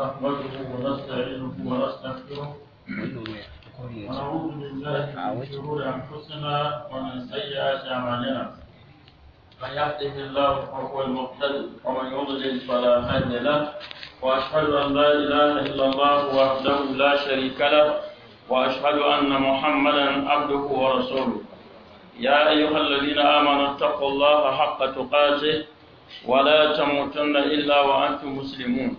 نحمده ونستعينه ونستغفره ونعوذ بالله من شرور انفسنا ومن سيئات اعمالنا من يهده الله فهو المقتدر ومن يضلل فلا هادي له واشهد ان لا اله الا الله وحده لا شريك له واشهد ان محمدا عبده ورسوله يا ايها الذين امنوا اتقوا الله حق تقاته ولا تموتن الا وانتم مسلمون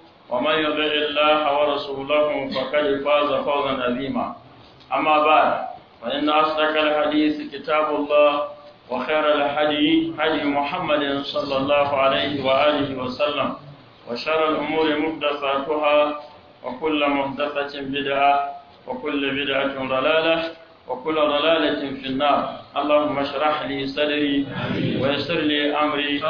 ومن يطع الله ورسوله فقد فاز فوزا عظيما أما بعد فإن أصدق الحديث كتاب الله وخير الهدي هدي محمد صلى الله عليه وآله وسلم وشر الأمور محدثاتها وكل محدثة بدعة وكل بدعة ضلالة وكل ضلالة في النار اللهم اشرح لي صدري ويسر لي أمري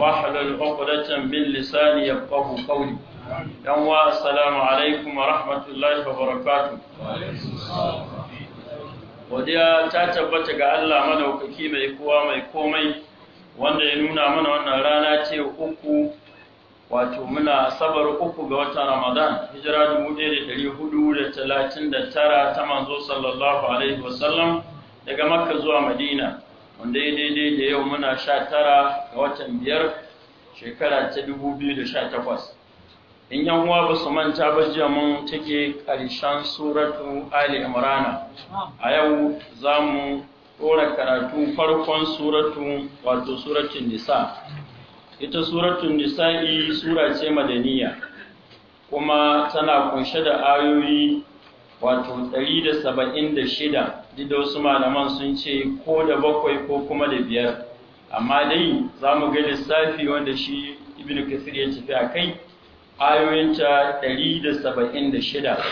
واحلل عقدة من لساني يفقه قولي yan wa Salamu alaikum wa rahmatullahi wa barakatu. wadiya ta tabbata ga Allah madaukaki mai kowa mai komai wanda ya nuna mana wannan rana ce uku wato muna sabar uku ga watan Ramadan hijira 1439 ta manzo sallallahu alaihi wasallam daga Makka zuwa Madina wanda ya daidai da yau muna 19 ga watan biyar shekara ta 2018 in yan uwa ba su manta ba jiya mun take ƙarshen suratu ali imrana a yau za mu ɗora karatu farkon suratu wato suratun nisa ita suratun nisa'i sura ce madaniya kuma tana kunshe da ayoyi wato 176 duk da wasu malaman sun ce ko da bakwai ko kuma da biyar amma dai za mu ga lissafi wanda shi ibn kasir ya tafi a kai ayoyinta 176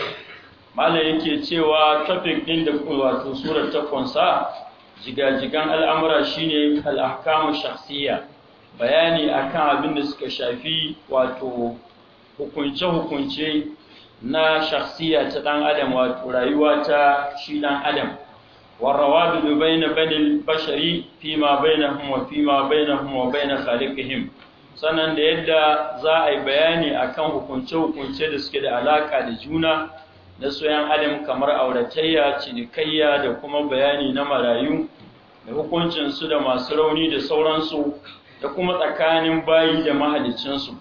malam yake cewa topic din da wato sura ta kunsa jigajigan al'amura shine al ahkamu shakhsiyya bayani akan abin da suka shafi wato hukunce-hukunce na shakhsiyya ta dan adam wato rayuwa ta shi dan adam والروابط بين bainahum wa فيما بينهم وفيما بينهم وبين خالقهم sannan da yadda za a yi bayani kan hukunce-hukunce da suke da alaƙa da juna na soyan alim kamar auratayya cinikayya da kuma bayani na marayu da hukuncinsu da masu rauni da sauransu da kuma tsakanin bayi da mahalicinsu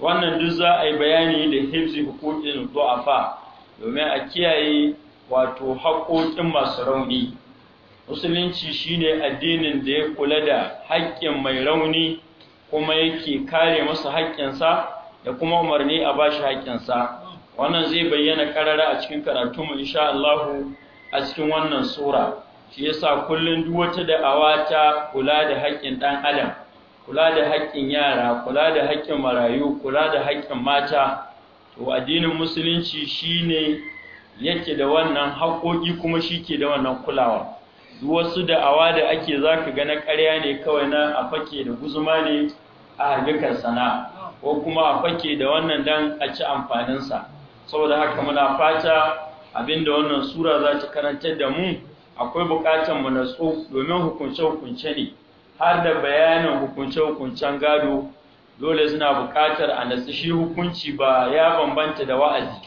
wannan duk za a yi bayani da hibzi hukukin du'afa domin a kiyaye wato haƙoƙin masu rauni musulunci shine addinin da ya kula da haƙƙin mai rauni kuma yake kare masa haƙƙinsa da kuma umarni a bashi haƙƙinsa wannan zai bayyana karara a cikin karatu mu insha Allah a cikin wannan sura shi yasa kullun duk wata da awata kula da haƙƙin dan adam kula da haƙƙin yara kula da haƙƙin marayu kula da haƙƙin mata to addinin musulunci shine yake da wannan haƙoƙi kuma shike da wannan kulawa wasu da'awa da ake za ka na ƙarya ne kawai na a fake da guzuma ne a harbikan sana'a ko kuma a fake da wannan dan a ci amfaninsa saboda haka muna fata abinda wannan sura za ta karantar da mu akwai bukatar mu natsu domin hukunce-hukunce ne har da bayanin hukunce-hukuncen gado dole suna bukatar a natsu shi hukunci ba ya bambanta da wa'azi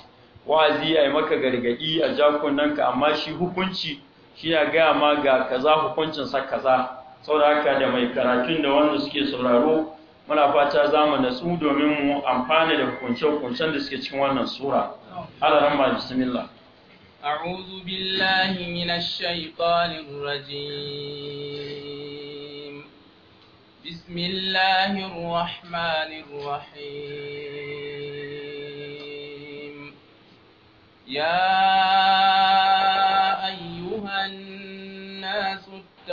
wa'azi a yi maka gargaɗi a jakunanka amma shi hukunci shi ya gaya ma ga kaza hukuncinsa kaza saboda haka da mai karatun da wanda suke sauraro muna fata za mu nasu domin mu amfana da hukunce-hukuncen da suke cikin wannan sura alaran ma bismillah أعوذ بالله من الشيطان الرجيم بسم الله الرحمن الرحيم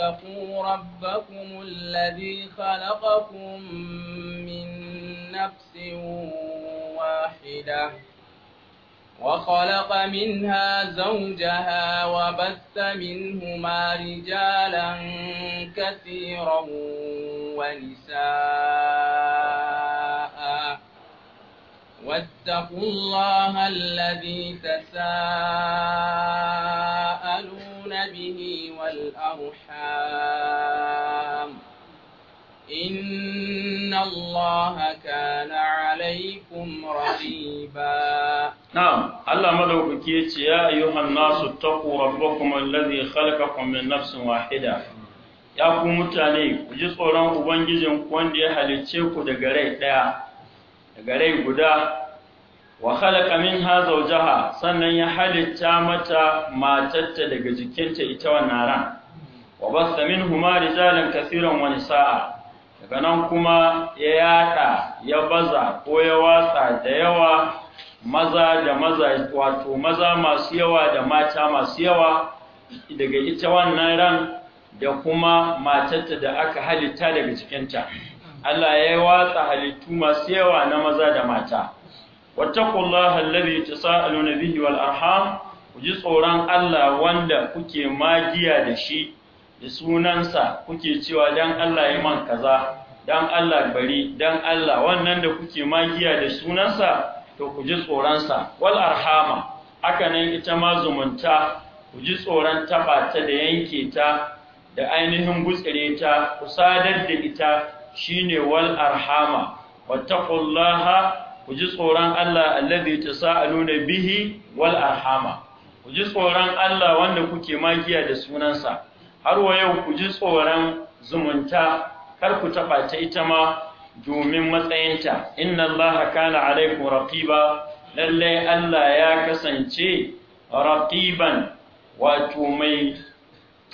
اتقوا ربكم الذي خلقكم من نفس واحدة وخلق منها زوجها وبث منهما رجالا كثيرا ونساء واتقوا الله الذي تساءل والأرحام إن الله كان عليكم رقيبا نعم الله ملوك يا أيها الناس اتقوا ربكم الذي خلقكم من نفس واحدة ya ku mutane ku ji tsoron ubangijin wanda ya halicce ku daga rai ɗaya daga rai guda wa khalaqa minha zawjaha sannan ya halitta mata matarta daga jikinta ita wannan ran wa basta minhuma rijalan kasiran wa nisaa daga nan kuma ya yada ya baza ko ya watsa da yawa maza da maza wato maza masu yawa da mata masu yawa daga ita wannan ran da kuma matarta da aka halitta daga cikinta Allah ya watsa halittu masu yawa na maza da mata Wata wattaqullaha allazi tasaaluna bihi wal arham ku ji tsoron Allah wanda kuke magiya da shi da sunansa kuke cewa dan Allah ya man kaza dan Allah bari dan Allah wannan da kuke magiya da sunansa to ku ji tsoronsa wal arhama haka nan ita ma zumunta ku ji tsoron taɓa ta da yanke ta da ainihin gutsire ta ku sadar da ita shine wal arhama wattaqullaha ku ji tsoron Allah allazi tasaluna bihi wal arhama ku ji tsoron Allah wanda kuke magiya da sunansa har wa yau ku ji tsoron zumunta kar ku taɓa ta ita ma domin matsayinta inna allaha kana alaikum raqiba lallai allah ya kasance raqiban wato mai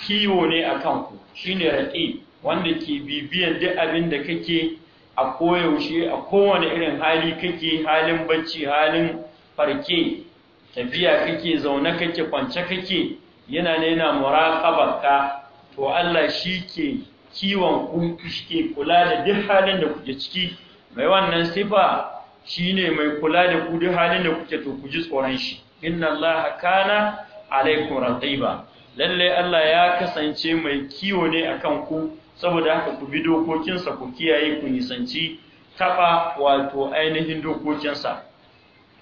kiwo ne a kanku shine raƙe. wanda ke bibiyar duk abin da kake a koyaushe a kowane irin hali kake halin bacci halin farke tafiya kake zaune kake kwance kake yana ne yana muraqabarka to Allah shi ke kiwon ku ke kula da duk halin da kuke ciki mai wannan sifa shine mai kula da ku duk halin da kuke to ku ji tsoron shi inna Allah kana alaikum raqiba lalle Allah ya kasance mai kiwo ne akan ku saboda haka ku bi dokokinsa ku kiyaye ku nisanci taɓa wato ainihin dokokinsa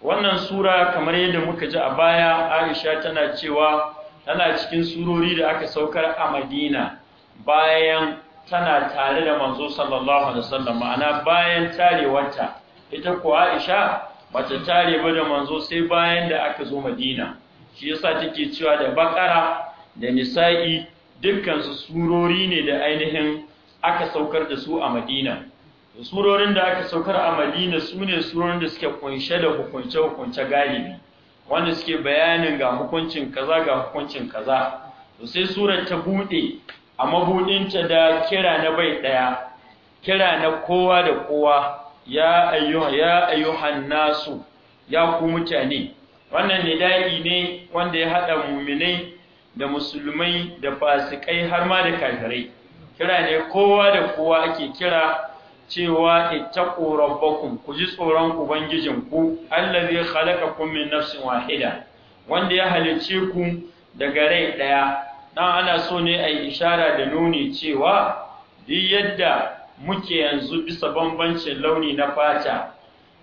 wannan sura kamar yadda muka ji a baya aisha tana cewa tana cikin surori da aka saukar a Madina bayan tana tare da manzo sallallahu alaihi wasallam ma'ana bayan tarewarta ita ko Aisha bata tare ba da manzo sai bayan da aka zo Madina shi yasa take cewa da Bakara da Nisa'i dukkan su surori ne da ainihin aka saukar da su a Madina surorin da aka saukar a Madina sune ne surorin da suke kunshe da hukunce-hukunce galibi wanda suke bayanin ga hukuncin kaza ga hukuncin kaza to sai surar ta bude a mabudinta da kira na bai daya kira na kowa da kowa ya ayyuha ya ayyuhan nasu ya ku mutane wannan ne daɗi ne wanda ya hada muminai da musulmai da fasikai har ma da kafirai kira ne kowa da kowa ake kira cewa ittaqu rabbakum ku ji tsoron ubangijinku allazi khalaqakum min nafsin wahida wanda ya halicce ku daga rai daya dan ana so ne ai ishara da nuni cewa duk yadda muke yanzu bisa bambancin launi na fata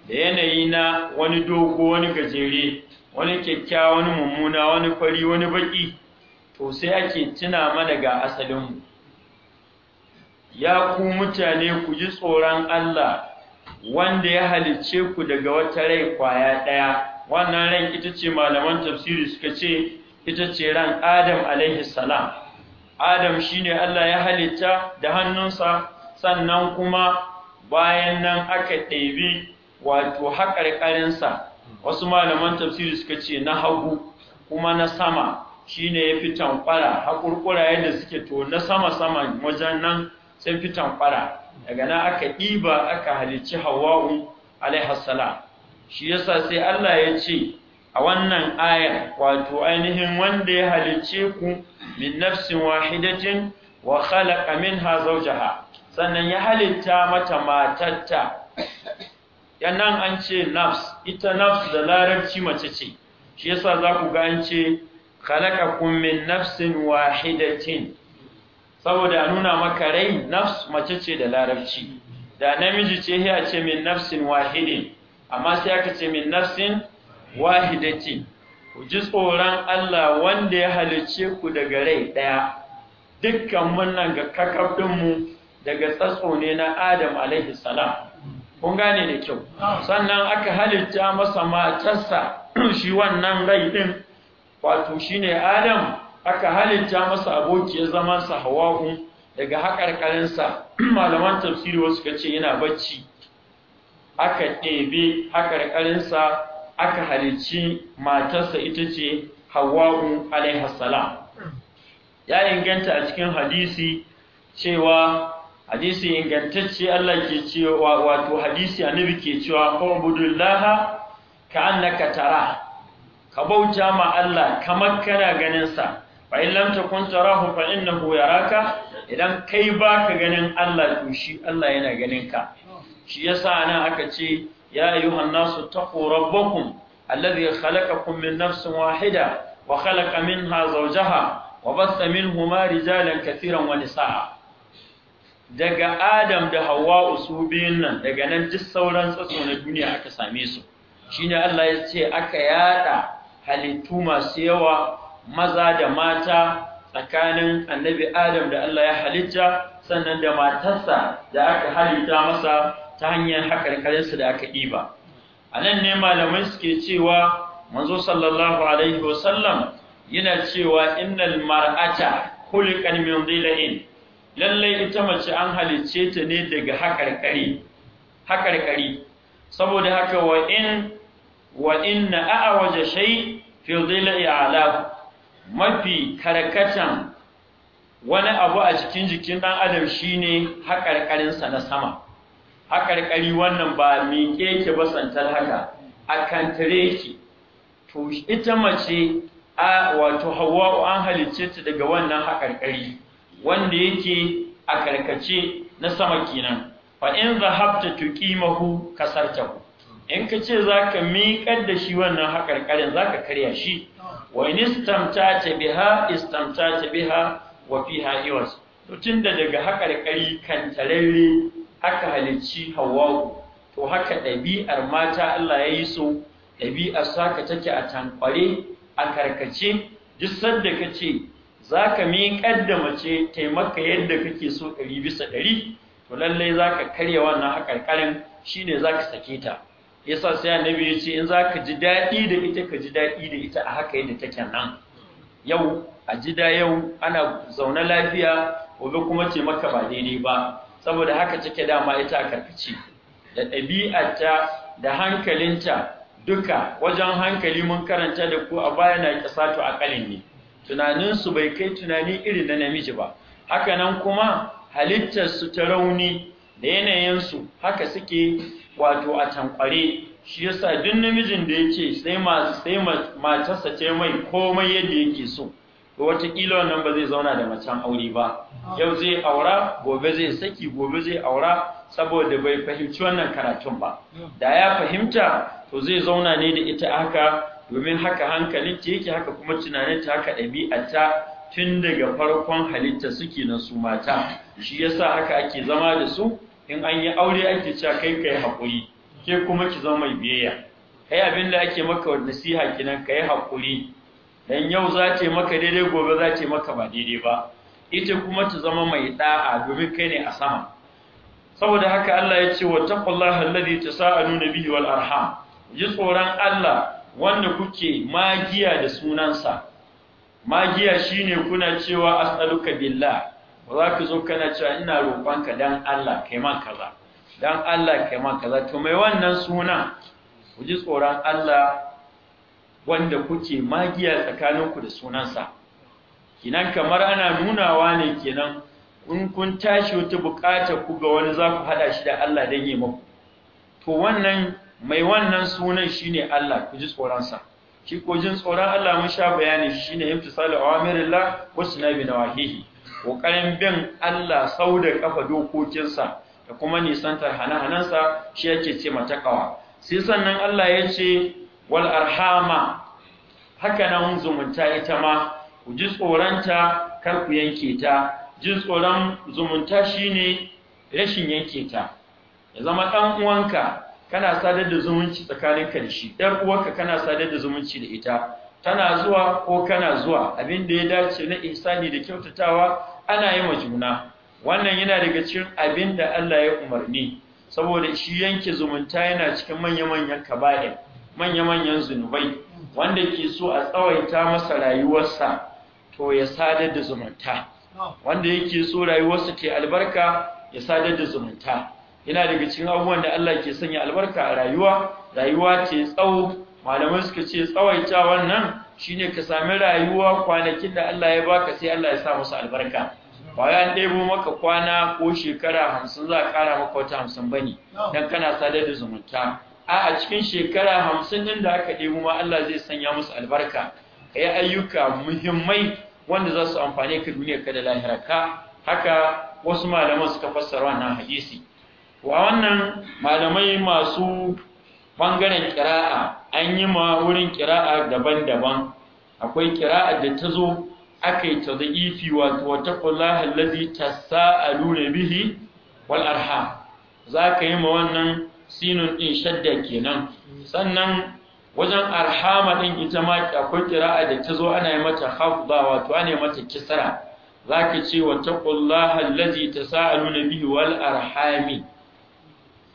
da yanayi na wani dogo wani gajere wani kyakkyawa wani mummuna wani fari wani baki to sai ake tuna mana ga asalinmu ya ku mutane ku ji tsoron Allah wanda ya halicce ku daga wata rai kwaya ɗaya wannan ran ita ce malaman tafsiri suka ce ita ce ran Adam alaihi salam Adam shine Allah ya halitta da hannunsa sannan kuma bayan nan aka ɗebi wato haƙarƙarinsa wasu malaman tafsiri suka ce na hagu kuma na sama shine ya fi tankwara haƙurƙura yadda suke to na sama sama wajen nan sai fitan fara daga nan aka ɗiba aka halicci hawa'u alaihassalam shi yasa sai Allah ya ce a wannan aya wato ainihin wanda ya halicce ku min nafsin wahidatin wa khalaqa minha zawjaha sannan ya halitta mata matatta nan an ce nafs ita nafs da larabci mace ce shi yasa za ku ga an ce khalaqakum min nafsin wahidatin saboda a nuna maka rai nafs mace ce da larabci da namiji ce ya ce min nafsin wahidin amma sai aka ce min nafsin wahidatin ku ji tsoron Allah wanda ya halice ku daga rai ɗaya dukkan wannan ga mu daga tsatso ne na Adam alaihi salam kun gane da kyau sannan aka halitta masa matarsa shi wannan rai din? wato shine Adam aka halitta masa abokiyar zamansa hawa'u daga haƙarƙarinsa malaman tafsiri wasu ka ce yana bacci aka ɗebe haƙarƙarinsa aka halicci matarsa ita ce hawa'u alaihassalam ya inganta a cikin hadisi cewa hadisi ingantacce Allah ke cewa wato hadisi annabi ke cewa ubudullaha ka annaka tara ka bauta ma Allah kamar kana ganin sa fa in kun takun tarahu fa innahu yaraka idan kai baka ganin Allah to shi Allah yana ganin ka shi yasa nan aka ce ya ayyuhan nasu taqu rabbakum alladhi kun min nafsin wahida wa min ha-zaujaha? wa bassa minhuma rijalan katiran wani sa'a. daga Adam da Hauwa su biyun nan daga nan duk sauran tsatso na duniya aka same su shine Allah ya ce aka yada halittu masu yawa maza da mata tsakanin annabi Adam da Allah ya halitta sannan da matarsa da aka halitta masa ta hanyar hakarkarinsa da aka ɗiba. A nan ne malamai suke cewa manzo sallallahu alaihi wasallam yana cewa innal mar'ata khuliqan min dhilain lallai ita mace an halicce ta ne daga hakarkari saboda haka wa in wa inna shai, shay fi a ala mafi karkashin wani abu a cikin jikin ɗan adam shine haƙarƙarinsa na sama haƙarƙari wannan ba miƙe ke basantar haka a kantare ki to ita mace a wato hawa'u an halicce ta daga wannan haƙarƙari wanda yake a karkace na sama kenan fa in zahabta tuqimahu kasartahu in kace zaka miƙar da shi wannan haƙarƙarin zaka karya shi wa in istamta'ta biha istamta'ta biha wa fiha iwas to tunda daga haƙarƙari kan tarelle aka halicci Hawwa'u to haka ɗabi'ar mata Allah ya yi so dabi'ar saka take a tankware a karkace duk sanda kace zaka miƙar da mace taimaka yadda kake so ɗari bisa ɗari to lallai zaka karya wannan haƙarƙarin shine zaka sake ta yasa sai annabi ya ce in za ka ji daɗi da ita ka ji daɗi da ita a haka yadda take nan yau a jida yau ana zaune lafiya gobe kuma ce maka ba daidai ba saboda haka take dama ita a karkace da ɗabi'arta da hankalinta duka wajen hankali mun karanta da ku a baya na a akalin ne tunaninsu bai kai tunani irin na namiji ba haka nan kuma halittar su ta rauni da yanayinsu haka suke wato a tankware shi yasa duk namijin da yake sai sai matarsa ce mai komai yadda yake so to kila wannan ba zai zauna da macen aure ba yau zai aura gobe zai saki gobe zai aura saboda bai fahimci wannan karatun ba da ya fahimta to zai zauna ne da ita haka domin haka hankalin ta yake haka kuma tunanin ta haka ta tun daga farkon halitta suke na su mata shi yasa haka ake zama da su in an yi aure ake cewa kai kai hakuri, ke kuma ki zama mai biyayya kai abin da ake maka nasiha kinan kai hakuri, dan yau za ce maka daidai gobe za ce maka ba daidai ba ita kuma ta zama mai da'a domin kai ne a sama saboda haka Allah ya ce wa taqullaha alladhi tasaaluna bihi wal arham ji tsoron Allah wanda kuke magiya da sunansa magiya shine kuna cewa as'aluka billah ba za ka zo kana cewa ina roƙonka dan Allah kai man kaza dan Allah kai man kaza to mai wannan sunan ku ji tsoron Allah wanda kuke magiya tsakaninku da sunansa kinan kamar ana nunawa ne kenan in kun tashi wata bukata ku ga wani za ku hada shi da Allah dan yi maku to wannan mai wannan sunan shine Allah ku ji tsoronsa shi ko jin tsoron Allah mun sha bayani shine imtisalu awamirillah wa sunabi nawahihi ƙoƙarin bin Allah sau da ƙafa dokokinsa da kuma nisantar hana-hanansa shi yake ce mata ƙawa sai sannan Allah ya ce wal arhama haka nan zumunta ita ma ku ji tsoronta kar ku yanke ta Ji tsoron zumunta shi ne rashin yanke ta ya zama ɗan uwanka kana sadar da zumunci tsakaninka da shi ɗan kana sadar da zumunci da ita tana zuwa ko kana zuwa abin da ya dace na ihsani da kyautatawa ana yi wa juna wannan yana daga cikin abin da Allah ya umarni saboda shi yanke zumunta yana cikin manya-manyan kaba'ir manya-manyan zunubai wanda ke so a tsawaita masa rayuwarsa to ya sadar da zumunta wanda yake so rayuwarsa ke albarka ya sadar da zumunta yana daga cikin abubuwan da Allah ke sanya albarka a rayuwa rayuwa ce tsawo malamai suka ce tsawaita wannan shine ka sami rayuwa kwanakin da Allah ya baka sai Allah ya sa musu albarka bayan ɗebo maka kwana ko shekara hamsin za a ƙara maka wata hamsin ba ne don kana sadar da zumunta a a cikin shekara hamsin ɗin da aka ɗebo ma Allah zai sanya musu albarka ka yi ayyuka muhimmai wanda za su amfani ka duniya ka da lahira ka haka wasu malaman suka fassara wannan hadisi wa wannan malamai masu bangaren kira'a an yi ma wurin kira'a daban-daban akwai kira'a da ta zo aka yi ta za'ifi wata kula lazi ta sa'alu bihi wal'arha. za ka yi ma wannan sinun ɗin shadda kenan sannan wajen arhama ɗin ita ma akwai a da ta zo ana yi mata hafda wato ana yi mata kisara za ka ce wata kula lazi ta sa'alu bihi wal’arhami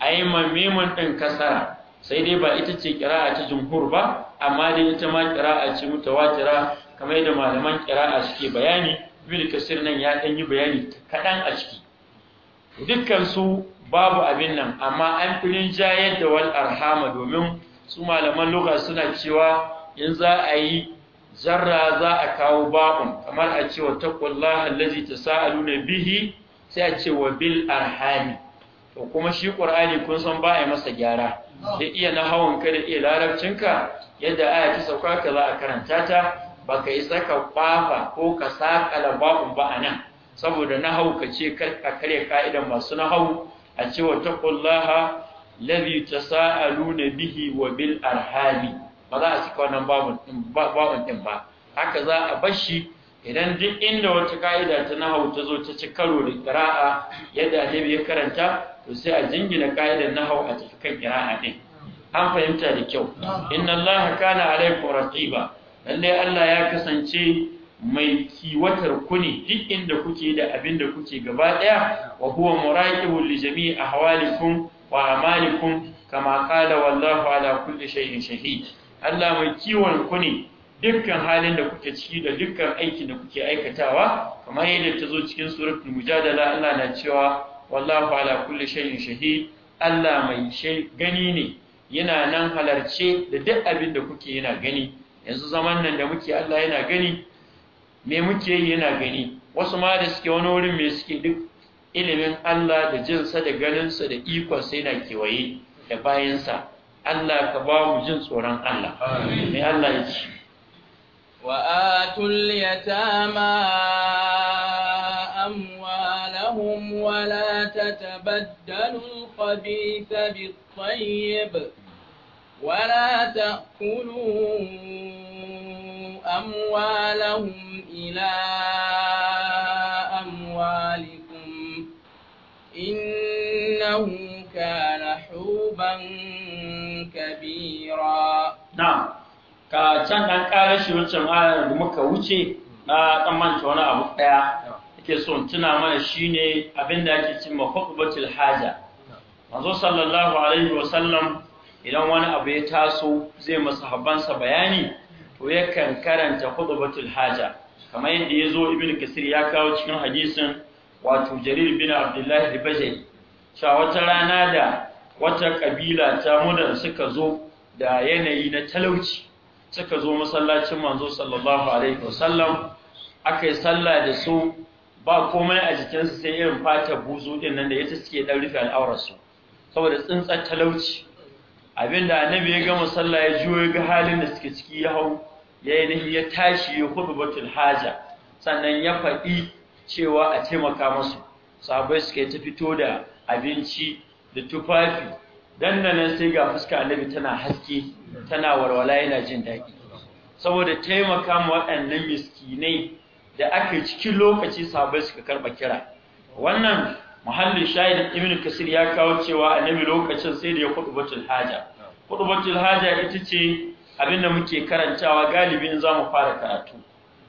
a yi ma meman ɗin kasara sai dai ba ita ce a ta jumhur ba amma dai ita ma a ce kira kamar yadda malaman ƙira'a suke bayani ibn kasir nan ya ɗan yi bayani kaɗan a ciki Dukkansu babu abin nan amma an filin jayar da wal arhama domin su malaman lugha suna cewa in za a yi zarra za a kawo babun kamar a cewa taqwallaha allazi tasaaluna bihi sai a ce wa bil arhami to kuma shi qur'ani kun san ba a masa gyara da iya na hawan da iya larabcinka yadda aya ta sauka ka za a karanta ta baka isa ka kwafa ko ka sakala babun ba anan saboda hau ka ce a karya ka'idan masu na hau a ce wa taqullaha ladhi tasaaluna bihi wa bil arhami ba za a cika wannan babun ba haka za a bashi idan duk inda wata ka'ida ta hau ta zo ta ci karo da qira'a yadda annabi ya karanta to sai a jingina ka'idan hau a tafi kan qira'a din an fahimta da kyau inna allaha kana alaikum raqiba lallai Allah ya kasance mai kiwatar ku ne duk inda kuke da abin da kuke gaba ɗaya wa huwa muraqibul li jami'i ahwalikum wa amalikum kama qala wallahu ala kulli shay'in shahid Allah mai kiwon ku ne dukkan halin da kuke ciki da dukkan aikin da kuke aikatawa kamar yadda ta zo cikin suratul mujadala Allah na cewa wallahu ala kulli shay'in shahid Allah mai gani ne yana nan halarce da duk abin da kuke yana gani yanzu zaman nan da muke Allah yana gani me muke yana gani wasu ma da suke wani wurin mai suke duk ilimin Allah da jinsa da ganinsa da ikonsa yana kewaye da bayansa Allah ka ba mu jin tsoron Allah mai Allah ya ce wa atul yatama amwalahum wa la tatabaddalu al-khabitha bit-tayyib ولا تأكلوا أموالهم إلى أموالكم إنه كان حوبا كبيرا نعم ka can an ƙara shi wancan ayar da muka wuce na tsammanta wani abu ɗaya yake so tuna mana shine abin da ake cimma hukubatul haja manzo sallallahu alaihi wa sallam idan wani abu ya taso zai masa sa bayani to yakan karanta khutbatul haja kamar yadda ya zo ibn kasir ya kawo cikin hadisin wato jarir bin abdullahi al cewa wata rana da wata kabila ta mudan suka zo da yanayi na talauci suka zo masallacin manzo sallallahu alaihi wasallam aka yi sallah da su ba komai a jikinsu sai irin fata buzu din nan da ita suke dan rufe al'aurarsu saboda tsintsar talauci abinda annabi ya gama sallah ya jiyo ya ga halin da suke ciki ya hau ya yi ya tashi ya batul haja sannan ya faɗi cewa a taimaka musu sabai suka ta fito da abinci da tufafi nan sai ga fuska annabi tana haske tana warwala yana jin daɗi saboda taimaka ma waɗannan miskinai da aka cikin lokaci sabai suka karɓa kira wannan muhallin shahid ibn kasir ya kawo cewa annabi lokacin sai da ya khutbatul haja khutbatul haja ita ce abin da muke karantawa galibi za mu fara karatu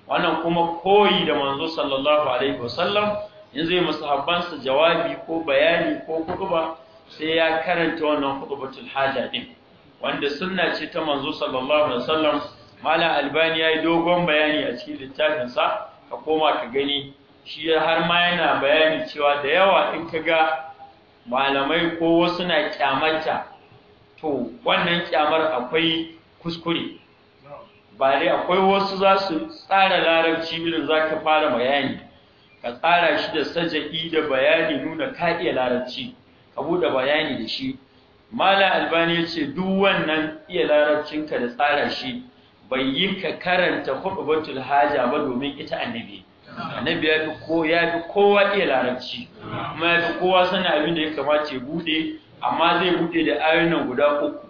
wannan kuma koyi da manzo sallallahu alaihi wasallam in zai sa jawabi ko bayani ko ba, sai ya karanta wannan khutbatul haja din wanda sunna ce ta manzo sallallahu alaihi wasallam mala albani ya yi dogon bayani a cikin littafinsa ka koma ka gani shi har ma yana bayani cewa da yawa in ka ga malamai ko wasu na kyamata to wannan kyamar akwai kuskure ba dai akwai wasu za su tsara larabci irin za ka fara bayani ka tsara shi da saja'i da bayani nuna ka iya larabci ka buɗe bayani da shi mala albani ya ce duk wannan iya larabcinka da tsara shi bai yi ka karanta hudubatul haja ba domin ita annabi annabi ya fi ya kowa iya larabci kuma ya fi kowa sanin abin da ya kamace bude amma zai bude da ayoyin guda uku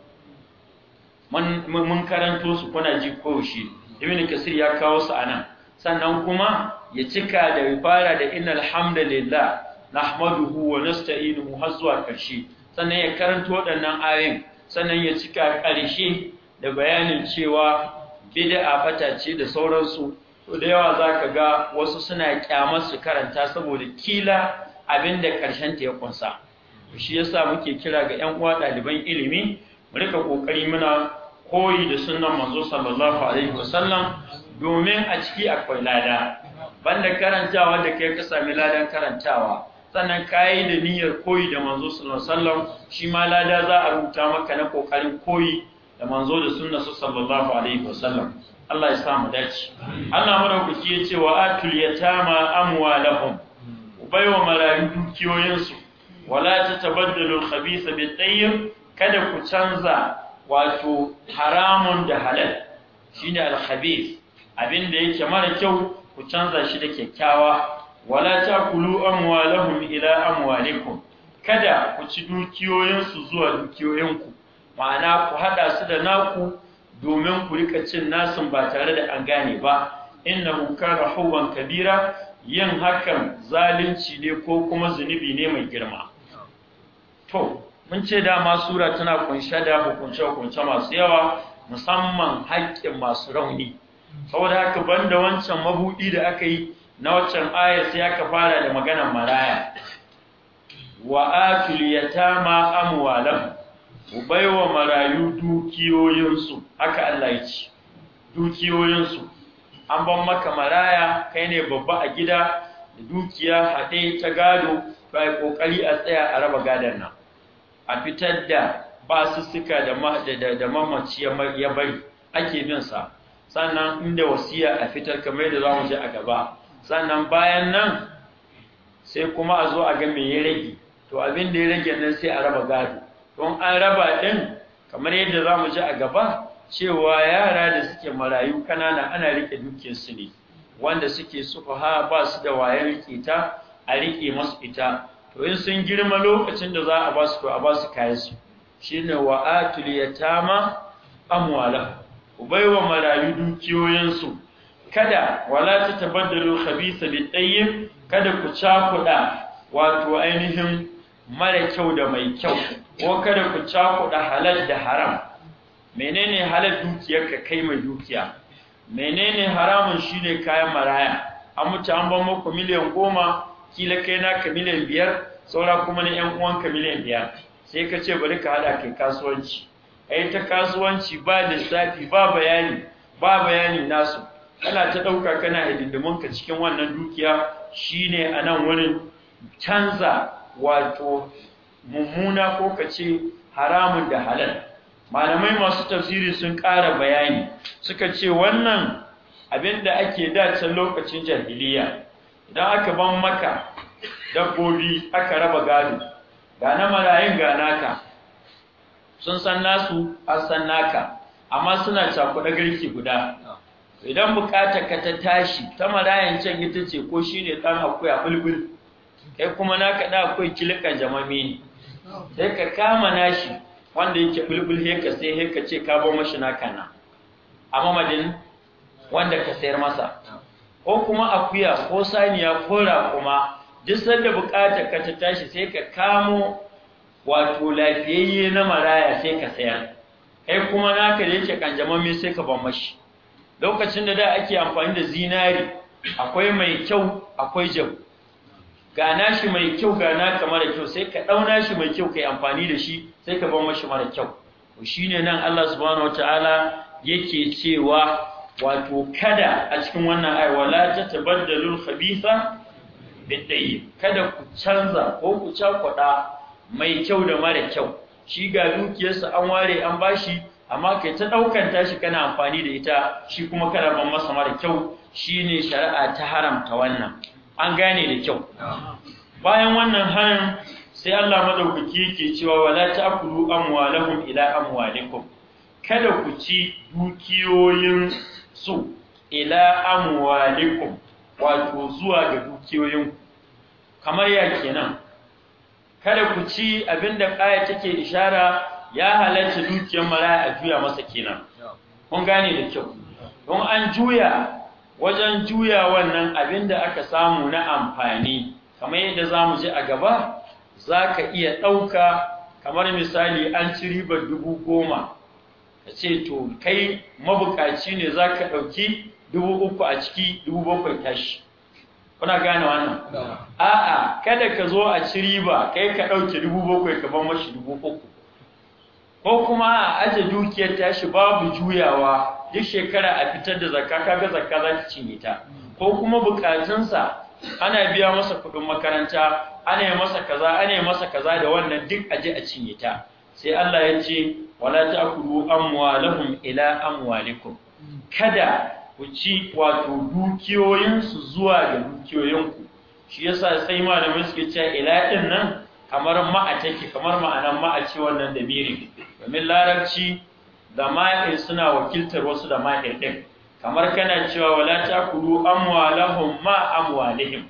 mun karanto su kuna ji koyaushe ibn kasir ya kawo su anan sannan kuma ya cika da fara da innal hamdalillah nahmaduhu wa nasta'inuhu har zuwa karshe sannan ya karanto waɗannan ayoyin sannan ya cika ƙarshe da bayanin cewa bid'a fata ce da sauransu to da yawa za ka ga wasu suna kyamar su karanta saboda kila abin da ƙarshen ta ya kunsa shi yasa muke kira ga 'yan uwa ɗaliban ilimi mu rika ƙoƙari muna koyi da sunan manzo sallallahu alaihi wasallam domin a ciki akwai lada banda karantawa da kai ka sami ladan karantawa sannan kayi da niyyar koyi da manzo sallallahu alaihi shi ma lada za a rubuta maka na kokarin koyi da manzo da sunna sallallahu alaihi wasallam Allah ya sa mu dace Allah ku yace wa atul yatama amwalahum ubaiwa marayu dukiyoyinsu wala ta al-khabitha bit-tayyib kada ku canza wato haramun da halal shine al-khabith abinda yake mara kyau ku canza shi da kyakkyawa wala kulu amwalahum ila amwalikum kada ku ci dukiyoyinsu zuwa dukiyoyinku ma'ana ku hada su da naku domin ku rika cin nasin ba tare da an gane ba hu kana hawan kabira yin hakan zalunci ne ko kuma zunubi ne mai girma to mun ce dama sura tana kunshe da hukunce-hukunce masu yawa musamman haƙƙin masu rauni saboda haka banda wancan mabuɗi da aka yi na waccan ayar sai aka fara da maganar maraya wa atul yatama amwalam mu baiwa marayu dukiyoyinsu haka Allah ya dukiyoyinsu an ban maka maraya kai ne babba a gida da dukiya haɗe ta gado ba yi ƙoƙari a tsaya a raba gadon nan a fitar da basussuka da mamaci ya bari ake bin sa sannan inda wasiya a fitar kamar yadda zamu je a gaba sannan bayan nan sai kuma a zo a ga me ya rage to abin da ya rage nan sai a raba gado don an raba ɗin kamar yadda za mu ji a gaba cewa yara da suke marayu kanana ana riƙe dukiyarsu ne wanda suke sufaha ba su da wayan rike ta a rike masu ita to in sun girma lokacin da za a ba su to a ba su kayan su shine wa atul yatama amwala ubaiwa marayu dukiyoyinsu kada wala ta tabaddalu khabisa bi tayyib kada ku cakuda wato ainihin mara kyau da mai kyau ko kada ku cakuɗa halal da haram menene halal dukiyar ka kai mai dukiya menene haramun shine kayan maraya an mutu an ban muku miliyan goma kila kai ka miliyan biyar saura kuma na yan uwanka miliyan biyar sai ka ce bari ka hada kai kasuwanci ai ta kasuwanci ba lissafi ba bayani ba bayani nasu kana ta ɗauka kana hidindimin ka cikin wannan dukiya shine a nan wurin canza wato mummuna ko ka ce haramun da halal malamai masu tafsiri sun ƙara bayani suka ce wannan abin da ake dace lokacin jahiliya idan aka ban maka dabbobi aka raba gado ga na marayun ga naka sun san nasu an san naka amma suna cakuɗa garki guda idan bukatar ka ta tashi ta marayan can ita ce ko shine ɗan akuya bulbul kai kuma na da akwai kilika jamami ne sai ka kama nashi wanda yake bulbul heka sai heka ce ka bar mashi na na a mamadin wanda ka sayar masa ko kuma akuya ko saniya ko kuma duk sanda bukata ka ta tashi sai ka kamo wato lafiyayye na maraya sai ka sayar kai kuma na da yake jamami sai ka bar mashi lokacin da da ake amfani da zinari akwai mai kyau akwai jabu gana shi mai kyau gana ka mara kyau sai ka ɗauna shi mai kyau ka yi amfani da shi sai ka bar mashi mara kyau to ne nan Allah subhanahu ta'ala yake cewa wato kada a cikin wannan ayar wala tatabaddalul khabitha bitayyib kada ku canza ko ku cakwada mai kyau da mara kyau shi ga dukiyarsa an ware an bashi amma kai ta ɗaukan tashi kana amfani da ita shi kuma kana ban masa mara kyau Shi ne shari'a ta haramta wannan an gane da kyau bayan wannan hanyar sai Allah maɗaukaki yake cewa wala ta'kulu amwalahum ila amwalikum kada ku ci dukiyoyin su ila amwalikum wato zuwa ga dukiyoyin kamar ya kenan kada ku ci abinda ƙaya take ishara ya halarta dukiyar maraya a juya masa kenan kun gane da kyau don an juya wajen juya wannan abin da aka samu na amfani kamar yadda za mu ji a gaba za ka iya ɗauka kamar misali an ci ribar dubu goma ka ce to kai mabukaci ne za ka ɗauki dubu uku a ciki dubu bakwai tashi kuna gane wannan a'a kada ka zo a ci riba kai ka ɗauke dubu bakwai ka ban mashi dubu uku ko kuma a aje dukiyar tashi babu juyawa duk shekara a fitar da zakka kaga zakka za ta cinye ta ko kuma bukatunsa ana biya masa kuɗin makaranta ana yi masa kaza ana yi masa kaza da wannan duk aje a cinye ta sai Allah ya ce wala ta'kulu amwalahum ila amwalikum kada ku ci wato dukiyoyinsu zuwa ga dukiyoyinku shi yasa sai malamai suke cewa ila din nan kamar ma'a kamar ma'anan ma'a wannan da miri domin larabci da ma'in suna wakiltar wasu da ma'in ɗin kamar kana cewa wala takulu amwalahum ma amwalihim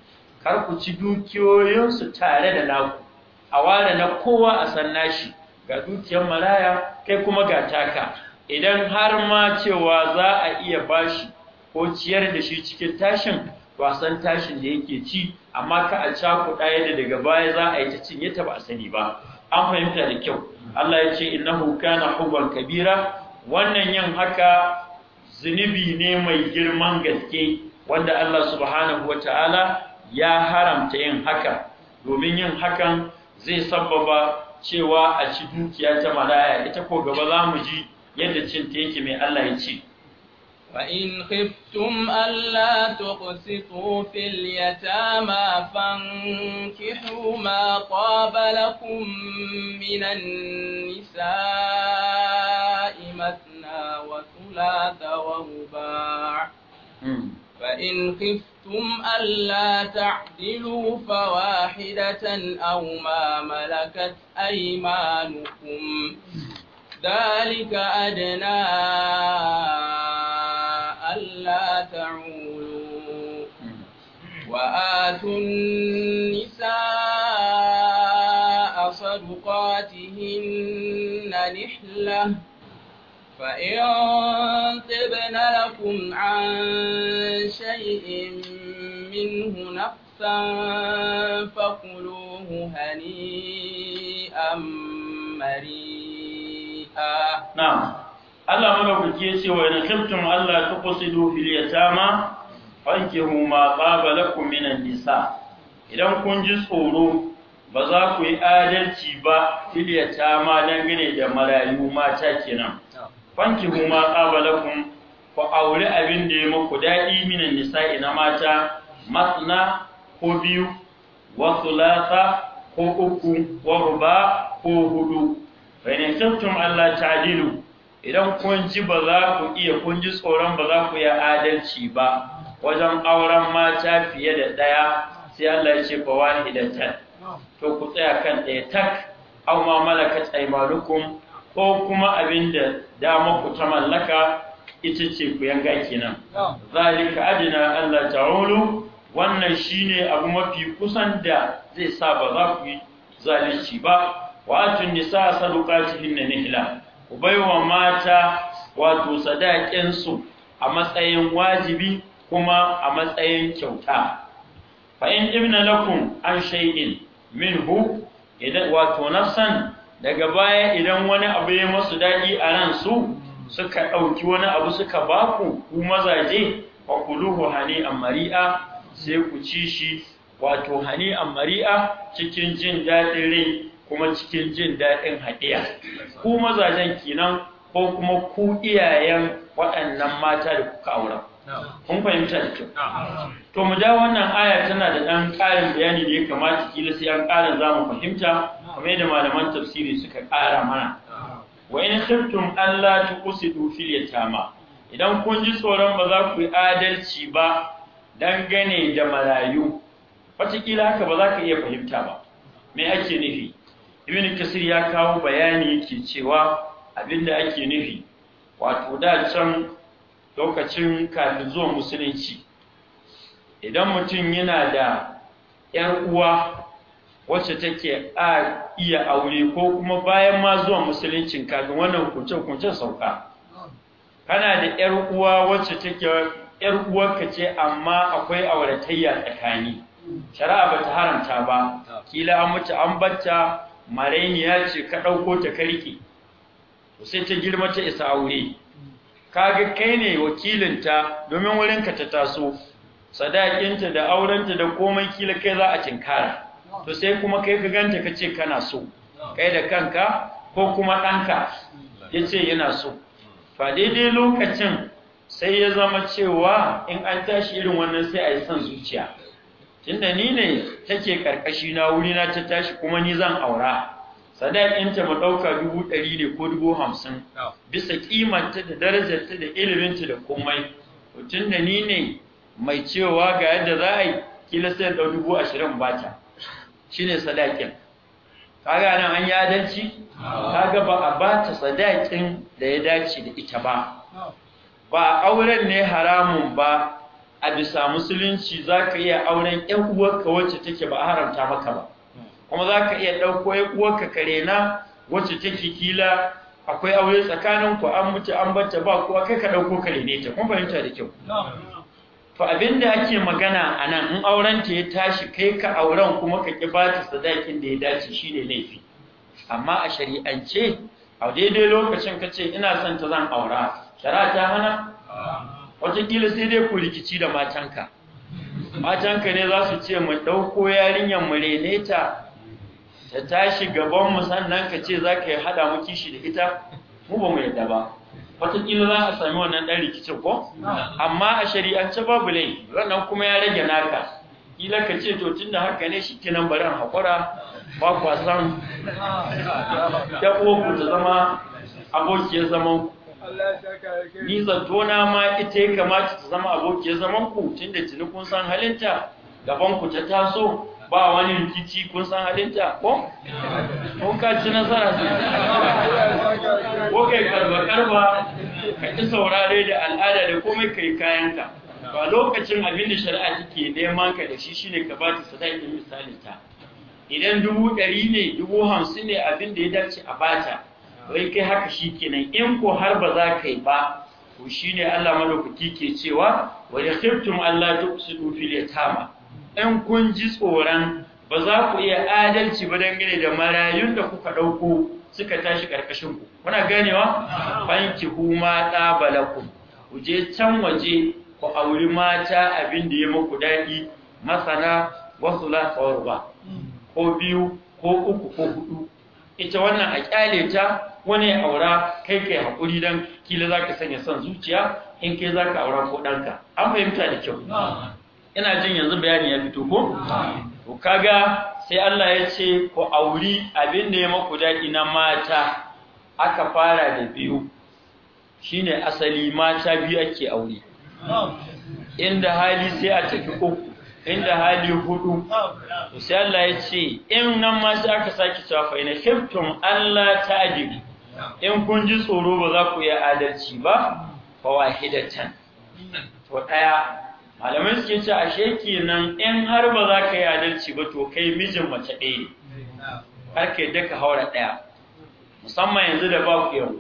kar ku ci dukiyoyinsu tare da naku a ware na kowa a san nashi ga dukiyar malaya kai kuma ga taka idan har ma cewa za a iya bashi ko ciyar da shi cikin tashin wasan tashin da yake ci amma ka a cakuɗa yadda daga baya za a yi ta cinye ta ba a sani ba an fahimta da kyau Allah ya ce innahu kana hubban kabira wannan yin haka zunubi ne mai girman gaske wanda Allah subhanahu wataala ya haramta yin haka domin yin hakan zai sabbaba cewa a ci dukiya ta malaya ita ko gaba za mu ji yadda cinta ta yake mai Allah ya ce وإن خفتم ألا تقسطوا في اليتامى فانكحوا ما طاب لكم من النساء مثنى وثلاث ورباع فإن خفتم ألا تعدلوا فواحدة أو ما ملكت أيمانكم ذلك أدنى آتوا النساء صدقاتهن نحلة فإن طبن لكم عن شيء منه نفسا فكلوه هنيئا مريئا نعم الله ملوك يسي وإن خبتم ألا تقصدوا في اليتامى fankihu ma tsaba lakum minan nisa idan kun ji tsoro ba za ku yi adalci ba ta ma dangane da marayu mata kenan fankihu ma tsaba lakum ku auri abin da ya muku daɗi minan nisa ina mata matsina ko biyu wa lasa ko uku wa ko hudu fa in Allah ta ta'dilu idan kun ji ba za ku iya kun ji tsoron ba za ku yi adalci ba wajen auren mata fiye da ɗaya sai Allah ya ce fa wahidatan to ku tsaya kan ɗaya tak aw ma malaka aymanukum ko kuma abin da dama ku ta mallaka ita ce ku yanga kenan zalika adina Allah ta'ulu wannan shine abu mafi kusan da zai sa ba za ku yi zalunci ba watun nisa na nihla ku baiwa mata wato sadakin su a matsayin wajibi kuma a matsayin kyauta fa in ibna an shay'in min idan wato nafsan daga baya idan wani abu ya masu daɗi a ran su suka ɗauki wani abu suka baku ku mazaje wa kuluhu a mari'a sai ku ci shi wato hani mari'a cikin jin daɗin rai kuma cikin jin daɗin haɗiya ku mazajen kenan ko kuma ku iyayen waɗannan mata da kuka auren. kun fahimta da kyau to mu da wannan aya tana da ɗan ƙarin bayani da ya kamata kila sai an ƙara zamu fahimta kamar yadda malaman tafsiri suka ƙara mana wa in khiftum an la tuqsidu fil yatama idan kun ji tsoron ba za ku yi adalci ba dangane da marayu wataƙila haka ba za ka iya fahimta ba me ake nufi ibn kasir ya kawo bayani ke cewa abinda ake nufi wato da can lokacin kafin zuwa musulunci idan mutum yana da ‘yan uwa wacce take a iya aure ko kuma bayan ma zuwa musulunci kafin wannan hukunce kunce sauka kana da ‘yar uwa wacce take ‘yar uwarka ce amma akwai auratayya tsakani shari'a ba ta haramta ba kila an mutu an marainiya ce ka ɗauko ta karki sai ta girma ta isa aure kaga kai ne wakilinta domin wurinka ta taso sadakinta da aurenta da komai kila kai za a cinkara to sai kuma kai ka ganta ka ce kana so kai da kanka ko kuma ɗanka ya ce yana so fa daidai lokacin sai ya zama cewa in an tashi irin wannan sai a yi son zuciya tunda ni ne take ƙarƙashi na na ta tashi kuma ni zan aura Sadaƙinta mu ɗauka dubu ɗari ne ko dubu hamsin bisa ƙimanta da darajarta da iliminta da komai tun da ni ne mai cewa ga yadda za a yi kila sai ɗau dubu ashirin ba ta. shi ne sadakin kaga nan an yi adalci kaga ba a bata sadakin da ya dace da ita ba ba a auren ne haramun ba a bisa musulunci za ka iya auren ‘yan uwarka wacce take ba a haramta maka ba kuma za ka iya ɗauko ya ka kare na wacce take kila akwai aure tsakanin ku an mutu an bata ba kuwa kai ka ɗauko kare ne ta kun fahimta da kyau abin da ake magana a nan in auren ta ya tashi kai ka auren kuma ka ƙi bata sadakin da ya dace shi shine laifi amma a shari'ance a daidai lokacin ka ce ina son ta zan aura shara ta hana Wataƙila sai dai ku rikici da matanka matanka ne za su ce mu ɗauko yarinyar mu rene ta? ta tashi gaban mu sannan ka ce za ka yi haɗa mu kishi da ita mu ba mu yadda ba wataƙila za a sami wannan ɗan rikicin ko amma a shari'ance babu lai wannan kuma ya rage naka kila ka ce to tunda haka ne shi kinan barin haƙura ba kwa san ya ku ta zama abokiyar zaman ku ni na ma ita ya kamata ta zama abokiyar zaman ku tunda da san halinta gaban ku ta taso ba wani rikici kun san halinta ko? Kun ka ci nasara ce. Ko kai karba karba ka ci saurare da al'ada da komai kai kayanka. Ba lokacin abin da shari'a take neman ka da shi shine ka ba ta sadaki misali ta. Idan dubu ɗari ne dubu hamsin ne abin da ya dace a bata. Wai kai haka shi kenan in ko har ba za ka yi ba. To shine Allah madaukaki ke cewa wa yakhiftum Allah tuqsidu fil yatama. in kun ji tsoron ba za ku iya adalci ba dangane da marayun da kuka ɗauko suka tashi ƙarƙashinku. ku kuna ganewa banki huma ɗabalakum ku je can waje ku auri mata abin da ya muku daɗi masana wasu latsawar ba ko biyu ko uku ko hudu ita wannan a ƙyale ta wani aura kai kai haƙuri don kila za ka sanya son zuciya in kai za ka aura ko ɗanka an fahimta da kyau ina jin yanzu bayani ya fito ko to kaga sai Allah ya ce ku auri abin da ya maku daɗi na mata aka fara da biyu shine asali mata biyu ake aure inda hali sai a tafi uku inda hali hudu to sai Allah ya ce in nan ma sai aka sake cewa na. ina Allah Allah ta'dili in kun ji tsoro ba za ku yi adalci ba fa wahidatan to daya malamai suke ce ashe kenan in har ba za ka yi adalci ba to kai mijin mace ɗaya ne har ka yadda ka haura ɗaya musamman yanzu da ba ku yau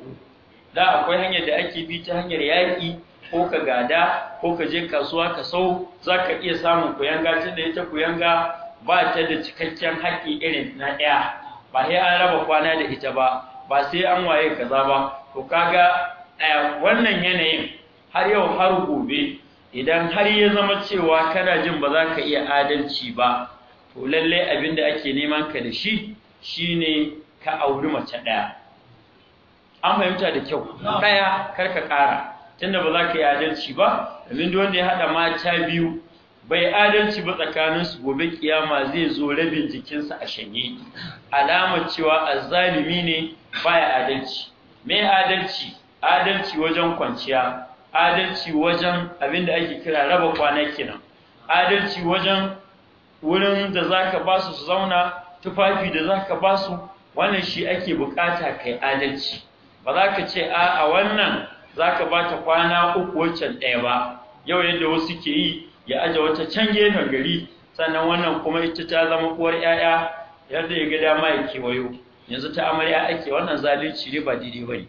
da akwai hanyar da ake bi ta hanyar yaƙi ko ka gada ko ka je kasuwa ka sau za ka iya samun kuyanga tun da ita kuyanga ba ta da cikakken haƙƙi irin na ɗaya ba sai an raba kwana da ita ba ba sai an waye kaza ba to kaga wannan yanayin har yau har gobe idan har ya zama cewa kana jin ba za ka iya adalci ba to lallai abin da ake neman ka da shi shi ne ka auri mace ɗaya an fahimta da kyau ɗaya kar ka ƙara tunda ba za ka yi adalci ba domin da wanda ya haɗa mata biyu bai adalci ba tsakanin su gobe kiyama zai zo rabin jikinsa a shanye alamar cewa azzalimi ne baya adalci mai adalci adalci wajen kwanciya adalci wajen abin da ake kira raba kwanaki nan adalci wajen wurin da za ka ba su su zauna tufafi da za ka ba su wannan shi ake bukata kai adalci ba za ka ce a a wannan za ka ba ta kwana uku waccan ɗaya ba yau yadda wasu ke yi ya aje wata can gefen gari sannan wannan kuma ita ta zama uwar 'ya'ya yadda ya ga dama ya kewayo yanzu ta amarya ake wannan zalunci ne ba daidai ba ne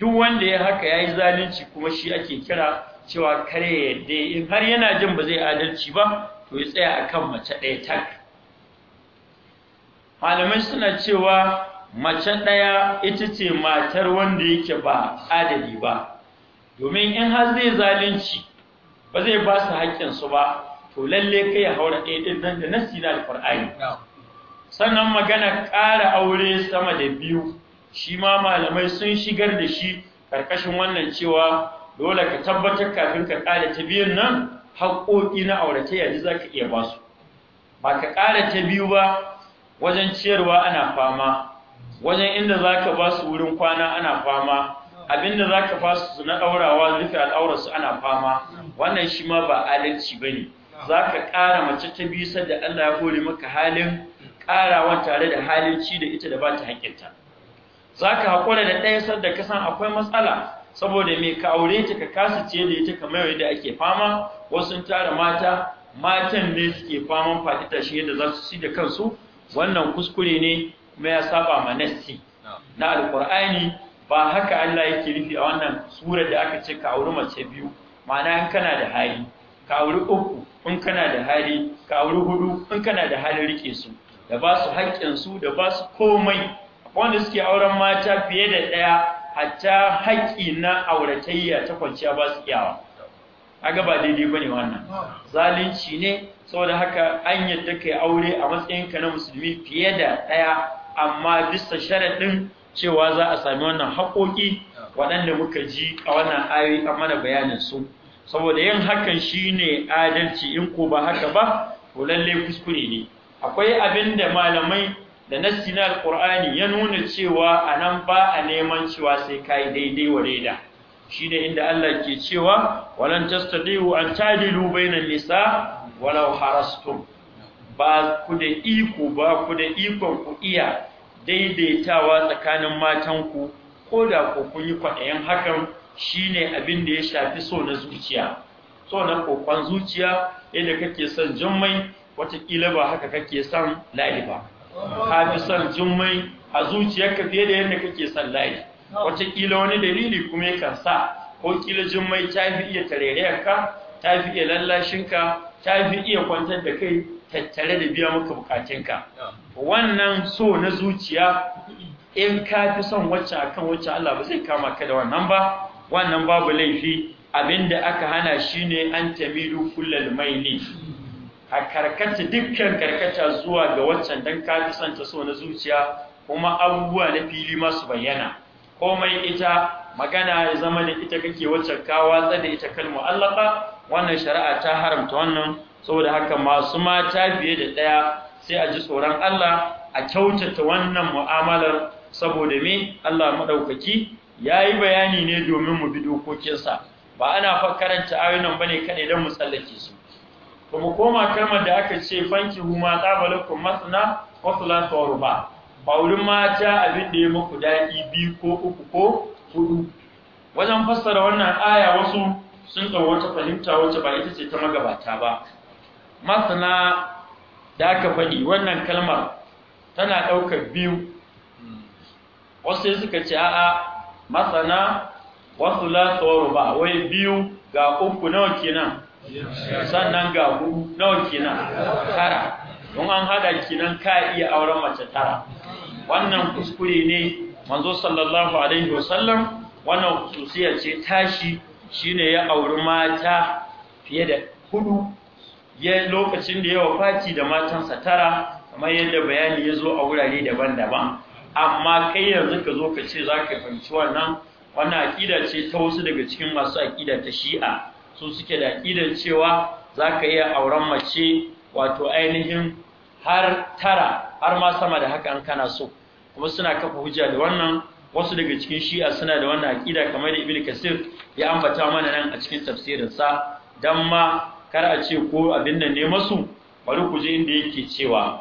duk wanda ya haka yayi zalunci kuma shi ake kira cewa kare yadda in har yana jin ba zai adalci ba to ya tsaya akan mace ɗaya tak malamai suna cewa mace ɗaya ita ce matar wanda yake ba adali ba domin in har zai zalunci ba zai ba su haƙƙinsu ba to lalle kai ya haura ɗaya ɗin nan da nasi na alƙur'ani sannan magana ƙara aure sama da biyu shi ma malamai sun shigar da shi ƙarƙashin wannan cewa dole ka tabbatar kafin ka ƙara ta biyun nan haƙoƙi na auratayya da za ka iya ba su ba ka ƙara ta biyu ba wajen ciyarwa ana fama wajen inda za ka ba su wurin kwana ana fama abinda za ka ba su na ɗaurawa rufe al'aurarsu ana fama wannan shi ma ba adalci ba ne za ka ƙara mace ta biyu sadda Allah ya hori maka halin ƙarawan tare da halinci da ita da ba ta haƙƙinta za ka haƙura da ɗaya sadda ka san akwai matsala saboda mai ka aure ta ka kasa ce da ita kamar yadda ake fama wasu tara mata matan ne suke faman faɗi tashi yadda za su ci da kansu wannan kuskure ne kuma ya saba ma nasti. na alƙur'ani ba haka Allah yake rufi a wannan sura da aka ce ka auri mace biyu ma'ana in kana da hali ka auri uku in kana da hali ka auri hudu in kana da hali rike su da ba su haƙƙin su da ba su komai wanda suke auren mata fiye da ɗaya hatta haƙƙi na auratayya ta kwanciya ba su iyawa kaga ba daidai bane wannan zalunci ne saboda haka an yadda kai aure a matsayin ka na musulmi fiye da ɗaya amma bisa sharaɗin cewa za a sami wannan haƙoƙi waɗanda muka ji a wannan ayoyi a mana bayanin su saboda yin hakan shine adalci in ko ba haka ba to lalle kuskure ne akwai abinda malamai da nasina alqur'ani ya nuna cewa anan ba a neman cewa sai kai daidai wa daida shine inda Allah ke cewa walan tastadiu an tadilu bainan nisa walau harastum ba ku da iko ba ku da ikon ku iya daidaitawa tsakanin matan ko da ku kun yi kwaɗayin hakan shine abin da ya shafi so na zuciya so na kokon zuciya yadda kake son jummai watakila ba haka kake son ba. ka fi son jummai a zuciyarka fiye da yadda kake son layi wataƙila wani dalili kuma yakan sa ko kila jummai ta fi iya tarerayarka ta fi iya lallashinka ta fi iya kwantar da kai tattare da biya maka bukatunka wannan so na zuciya in ka fi son wacce akan wacce Allah ba zai kama ka da wannan ba wannan babu laifi abinda aka hana shine an tamilu kullal maili a karkata dukkan karkata zuwa ga waccan don ka ta so na zuciya kuma abubuwa na fili masu bayyana komai ita magana ya zama da ita kake wacce ka watsa da ita kalmu allaka wannan shari'a ta haramta wannan saboda haka masu mata fiye da ɗaya sai a ji tsoron Allah a kyautata wannan mu'amalar saboda me Allah maɗaukaki ya yi bayani ne domin mu bi dokokinsa ba ana fa karanta ayoyin ba ne kaɗai don mu tsallake su ba mu koma kalmar da aka ce fanki huma tsabalakun masana wasu lasuwar ba ba wurin mata abin da ya muku daɗi biyu ko uku ko hudu wajen fassara wannan aya wasu sun ɗau wata fahimta wacce ba ita ce ta magabata ba masana da aka faɗi wannan kalmar tana ɗaukar biyu wasu suka ce a'a masana wasu wa ba wai biyu ga uku nawa kenan sannan ga ku nawa kenan tara don an hada kenan ka iya auren mace tara wannan kuskure ne manzo sallallahu alaihi wasallam wannan kususiya ce tashi shine ya auri mata fiye da hudu ya lokacin da ya faci da matansa tara kamar yadda bayani ya zo a wurare daban-daban amma kai yanzu ka zo ka ce za ka fahimci wannan wannan aƙida ce ta wasu daga cikin masu aƙida ta shi'a su suke da idan cewa za ka iya auren mace wato ainihin har tara har ma sama da haka an kana so kuma suna kafa hujja da wannan wasu daga cikin shi'a suna da wannan aƙida kamar da ibnu kasir ya ambata mana nan a cikin tafsirinsa dan ma kar a ce ko abin nan ne masu bari ku je inda yake cewa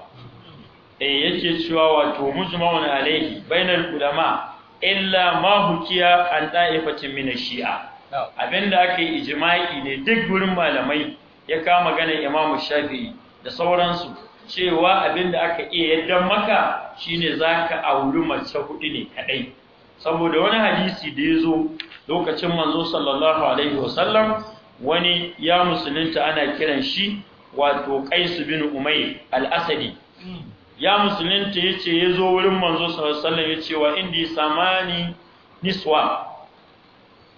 eh yake cewa wato mujma'un alaihi bainal ulama illa ma hukiya an da'ifatin min shi'a Abin da aka yi ijma'i ne duk gurin malamai ya kama magana Imam Shafi'i da sauransu cewa abin da aka iya yaddan maka shine zaka auri mace hudu ne kadai saboda wani hadisi da yazo lokacin manzo sallallahu alaihi wasallam wani ya musulunta ana kiran shi wato "Kaisu bin Umayr al-Asadi ya musulunta yace yazo wurin manzo sallallahu alaihi wasallam yace wa indi samani niswa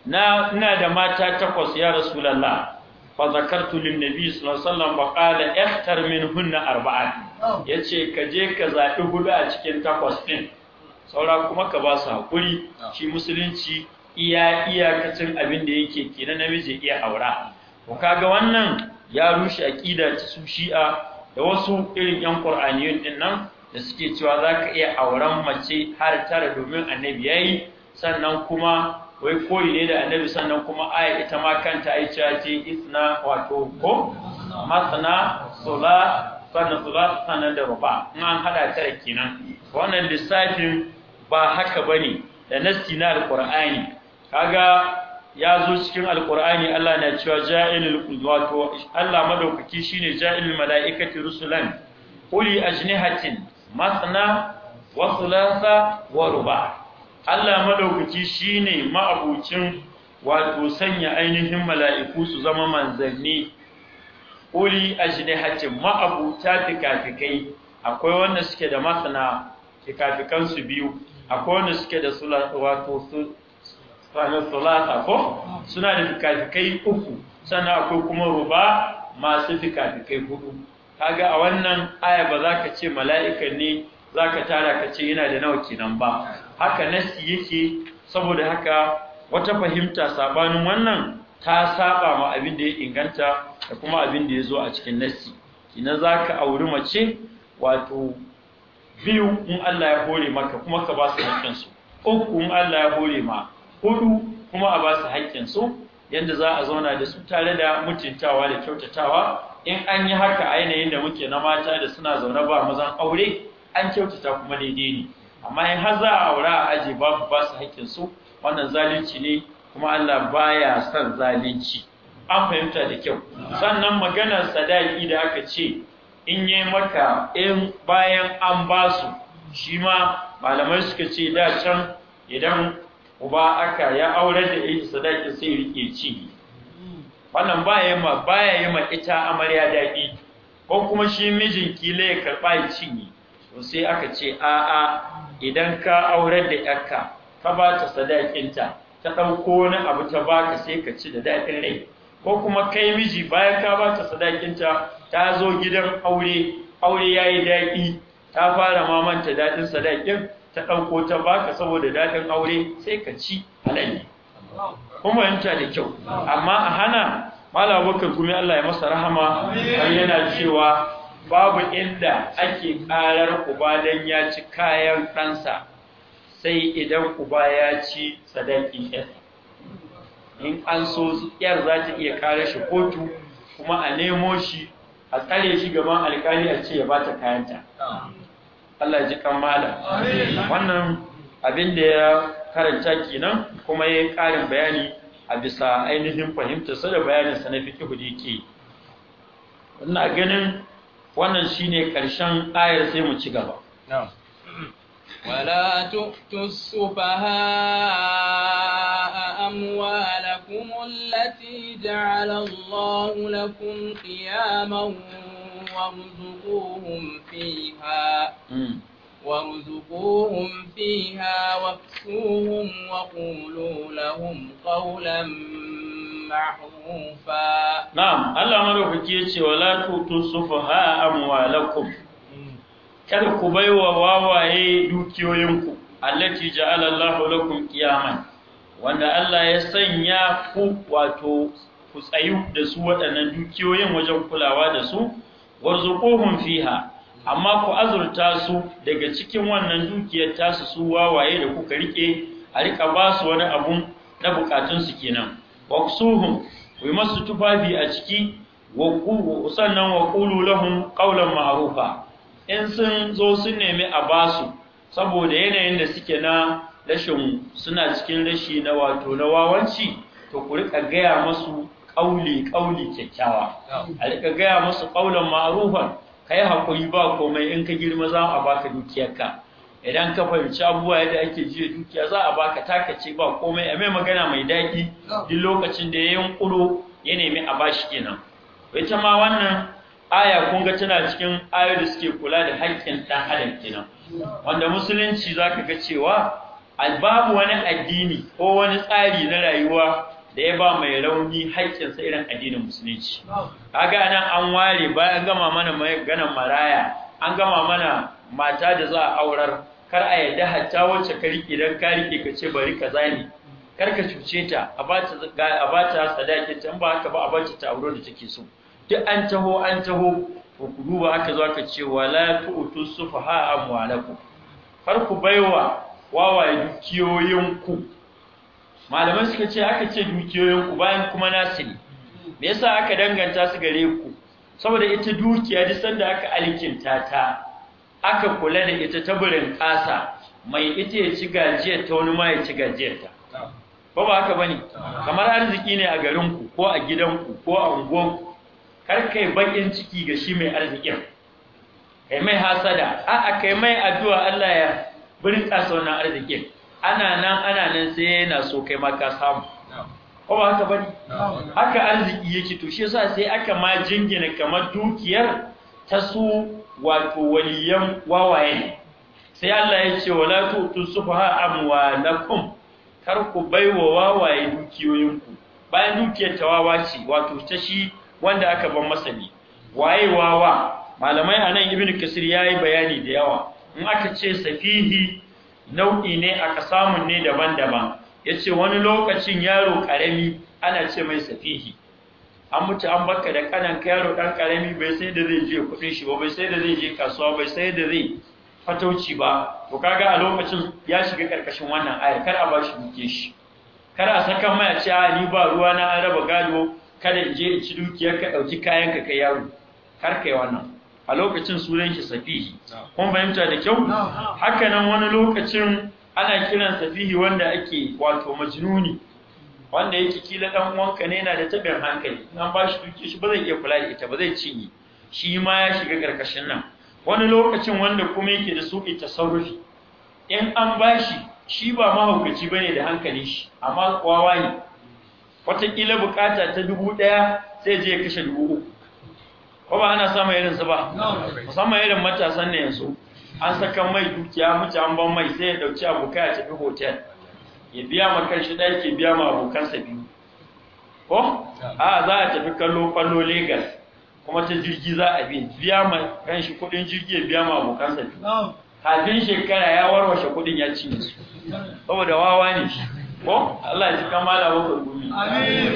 na ina da mata takwas ya rasulullah fa zakartu lin nabi sallallahu alaihi wasallam fa qala ihtar oh. yace ka je ka zabi hudu a cikin takwas din saura kuma ka ba su hakuri oh. shi musulunci iya iyakacin abin da yake na namiji iya aura ko kaga wannan ya rushe aqida ta su shi'a da wasu irin yan qur'aniyun din nan da suke cewa zaka iya auren mace har tara domin annabi yayi sannan kuma wai koyi ne da annabi sannan kuma aya ita ma kanta ai cewa ce isna wato ko masna sula sannan sula sannan da ruba in an hada ta kenan wannan lissafin ba haka bane da nasti na alqur'ani kaga ya zo cikin alqur'ani Allah na cewa ja'ilul wato Allah madaukaki shine ja'ilul mala'ikati rusulan uli ajnihatin masna wa thulatha wa ruba Allah madaukaki shine ma'abucin wato sanya ainihin mala'iku su zama manzanni uli ajnihatin ma'abuta fikafikai akwai wanda suke da masana fikafikan su biyu akwai wanda suke da wato su sulata ko suna da fikafikai uku sannan akwai kuma ruba masu fikafikai hudu kaga a wannan aya ba za ka ce mala'ika ne za ka tara ka ce yana da nawa kenan ba haka nasi yake saboda haka wata fahimta sabanin wannan ta saba ma abin da ya inganta da kuma abin da ya zo a cikin nasi kina za ka auri mace wato biyu in Allah ya hore maka kuma ka ba su haƙƙinsu uku in Allah ya hore ma hudu kuma a ba su haƙƙinsu yadda za a zauna da su tare da mutuntawa da kyautatawa in an yi haka a yanayin da muke na mata da suna zaune ba mazan aure an kyautata kuma daidai ne amma in har za a aura a aji babu ba su hakkin su wannan zalunci ne kuma Allah baya son zalunci an fahimta da kyau sannan maganar sadaki da aka ce in yi maka in bayan an ba su shi ma malamai suka ce da can idan uba aka ya aure da yi sadaki sai rike ci wannan baya ma baya yi ma ita amarya daɗi ko kuma shi mijin kila ya karɓa ya cinye to sai aka ce a'a idan ka aurar da yarka ka ba ta sadakinta ta ta ɗauko wani abu ta baka sai ka ci da daɗin rai ko kuma kai miji bayan ka ba ta sadakinta ta zo gidan aure aure ya yi daɗi ta fara mamanta daɗin sadakin ta ɗauko ta baka saboda daɗin aure sai ka ci halal kuma yanta da kyau amma a hana malam bakar kuma Allah ya masa rahama har yana cewa babu inda ake ƙarar uba don ya ci kayan ɗansa sai idan uba ya ci sadakin in an so yar za ta iya ƙarar shi kotu kuma a nemo shi a tsare shi gaban alƙali a ce ya ba ta kayanta Allah ji kammala wannan abin da ya karanta kenan kuma ya karin bayani a bisa ainihin fahimtarsa da bayaninsa na fiƙi hudu ke ina ganin wannan shi ne ƙarshen ayar sai mu ci gaba. Wala tuttusu ba ha amuwa da kumulati da alamma وارزقوهم فيها وافسوهم وقولوا لهم قولا ma'rufa na'am Allah madaukaki yace wala tutu sufaha amwalakum hmm. Kar ku baiwa wawaye dukiyoyinku allati ja'ala Allahu lakum qiyaman wanda Allah ya sanya ku wato ku tsayu da su waɗannan dukiyoyin wajen kulawa da su warzuquhum fiha amma ku azurta su daga cikin wannan dukiyar tasu su wawaye da kuka rike a rika ba su wani abun na bukatunsu kenan waqsuhum wa masu tufafi a ciki wa sannan wa qulu lahum qawlan ma'rufa in sun zo sun nemi a basu saboda yanayin da suke na rashin suna cikin rashi na wato na wawanci to ku rika gaya masu kauli kauli kyakkyawa a rika gaya masu kaulan ma'rufan kai hakuri ba komai in ka girma za a baka dukiyarka idan ka fahimci abubuwa yadda ake jiya dukiya za a baka takace ba komai a mai magana mai daɗi duk lokacin da ya yunƙuro ya nemi a bashi kenan ita ma wannan aya kun ga tana cikin ayo da suke kula da haƙƙin ɗan adam kenan wanda musulunci za ka ga cewa babu wani addini ko wani tsari na rayuwa da ya ba mai rauni sa irin addinin musulunci kaga nan an ware bayan gama mana maganar maraya an gama mana mata da za a aurar kar a yarda, hatta wacce ka rike dan ka rike ka ce bari ka zani kar ka cuce ta a bata a ta sadaki ta ba haka ba a bata ta aure da take so duk an taho an taho ko ku duba haka zo aka ce wala tu'tu sufaha amwalakum kar ku baiwa wawaye dukiyoyin ku malaman suka ce aka ce dukiyoyinku, ku bayan kuma nasiri me yasa aka danganta su gare ku saboda ita dukiya duk sanda aka alkinta ta aka kula da ita ta burin ƙasa mai ita ya ci gajiyar ta wani ma ya ci gajiyar ta ba ba haka bane kamar arziki ne a garinku ko a gidanku ko a unguwanku kar kai bakin ciki ga shi mai arzikin kai mai hasada a'a kai mai addu'a Allah ya burin ƙasa wannan arzikin ana nan ana nan sai yana so kai ma samu Ba ba haka bane haka arziki yake to shi sai aka ma jingina kamar dukiyar ta su wato waliyan wawaye ne. sai Allah ya ce wala tutu sufaha amwalakum kar ku baiwa wawaye dukiyoyinku bayan dukiyar wawa ce wato ta shi wanda aka ban masani waye wawa malamai anan ibnu kasir yayi bayani da yawa in aka ce safihi nau'i ne aka samu ne daban-daban yace wani lokacin yaro karami ana ce mai safihi an mutu an baka da kanan ka yaro dan karami bai sai da zai je kudin shi ba bai sai da zai je kasuwa bai sai da zai fatauci ba to kaga a lokacin ya shiga karkashin wannan ayar kar a ba shi shi kar a saka mai ce a ni ba ruwa na an raba gado kada in je in ci dukiyar ka dauki kayan ka kai yaro kar kai wannan a lokacin sunan shi safihi kun fahimta da kyau haka nan wani lokacin ana kiran safihi wanda ake wato majnuni wanda yake kila dan uwanka ne yana da tabin hankali in an bashi duke shi ba zai iya kula da ita ba zai cinye shi ma ya shiga karkashin nan wani lokacin wanda kuma yake da su ita tasarrufi in an bashi shi ba mahaukaci ba ne da hankali shi amma wawa ne watakila bukata ta dubu ɗaya sai je ya kashe dubu uku ko ba ana sama irin su ba musamman irin matasan ne yanzu an saka mai dukiya mutum an ban mai sai ya dauki abokai a tafi hotel ya biya ma shi ɗaya ke biya ma abokansa biyu ko a za a tafi kallo kwallo Legas kuma ta jirgi za a bi biya ma kan shi kuɗin jirgi ya biya ma abokansa biyu kafin shekara ya warwashe kuɗin ya cinye su saboda wawa ne shi ko Allah ya ji kama da bakar gumi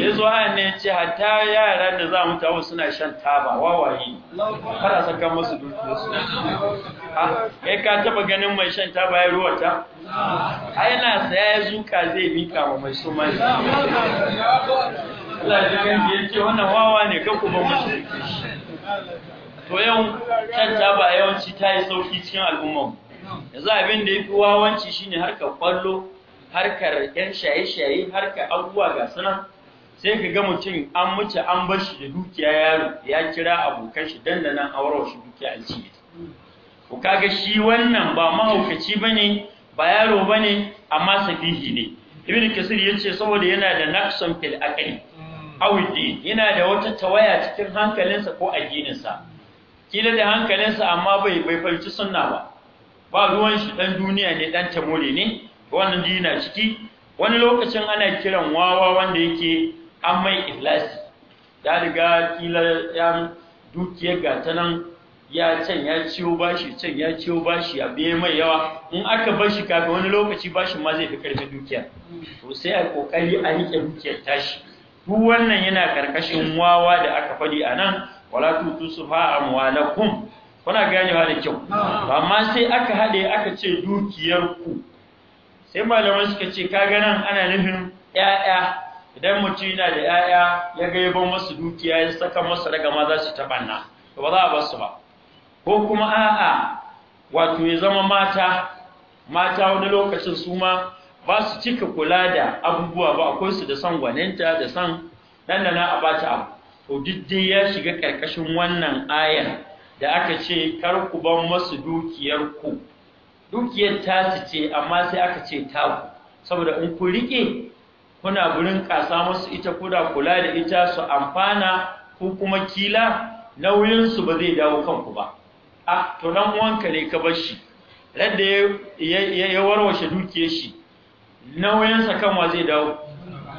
ya zo a ne ce hatta yara da za mu tawo suna shan taba wawaye kada saka musu su ha kai ka taba ganin mai shan taba ya ruwa ta a yana saya ya zuka zai mika ma mai suma Allah ya ji kan ya ce wannan wawa ne ka kuma musu to yau shan taba yawanci ta yi sauki cikin al'umma yanzu abin da ya fi wawanci shine harka kwallo harkar yan shaye-shaye harkar abubuwa ga sanan, sai ka ga mutum an mace an bar shi da dukiya yaro ya kira abokan shi dandanan aure shi dukiya an ci ku kaga shi wannan ba mahaukaci bane ba yaro bane amma safihi ne ibn kasir ce saboda yana da naqsan fil aqli aw yana da wata tawaya cikin hankalinsa ko addininsa kila da hankalinsa amma bai bai fahimci sunna ba ba ruwan shi dan duniya ne dan tamole ne wannan ji na ciki wani lokacin ana kiran wawa wanda yake an mai ihlasi ya riga kila ya dukiyar gata nan ya can ya ciwo bashi can ya ciwo bashi a biye mai yawa in aka bar shi kafin wani lokaci bashi ma zai fi karfin dukiya to sai a kokari a rike dukiyar tashi duk wannan yana karkashin wawa da aka faɗi a nan wala tutu sufa amwalakum kuna ganewa da kyau amma sai aka haɗe aka ce dukiyar ku sai malaman suka ce kaga nan ana nufin 'ya'ya idan mutum yana da 'ya'ya ya ga yabon masu dukiya ya saka masa daga ma za su taɓa to ba za a bar su ba ko kuma a'a wato ya zama mata mata wani lokacin su ma ba su cika kula da abubuwa ba akwai su da son gwaninta da son na a bata abu to duk dai ya shiga ƙarƙashin wannan ayar da aka ce kar ku ban masu dukiyar ku dukiyar ta ce amma sai aka ce taku saboda in ku rike kuna gurin kasa musu ita kuna kula da ita su amfana ko kuma kila nauyin su ba zai dawo kanku ba a to wanka ne ka bar shi radda ya warwashe dukiyar shi nauyinsa kanwa zai dawo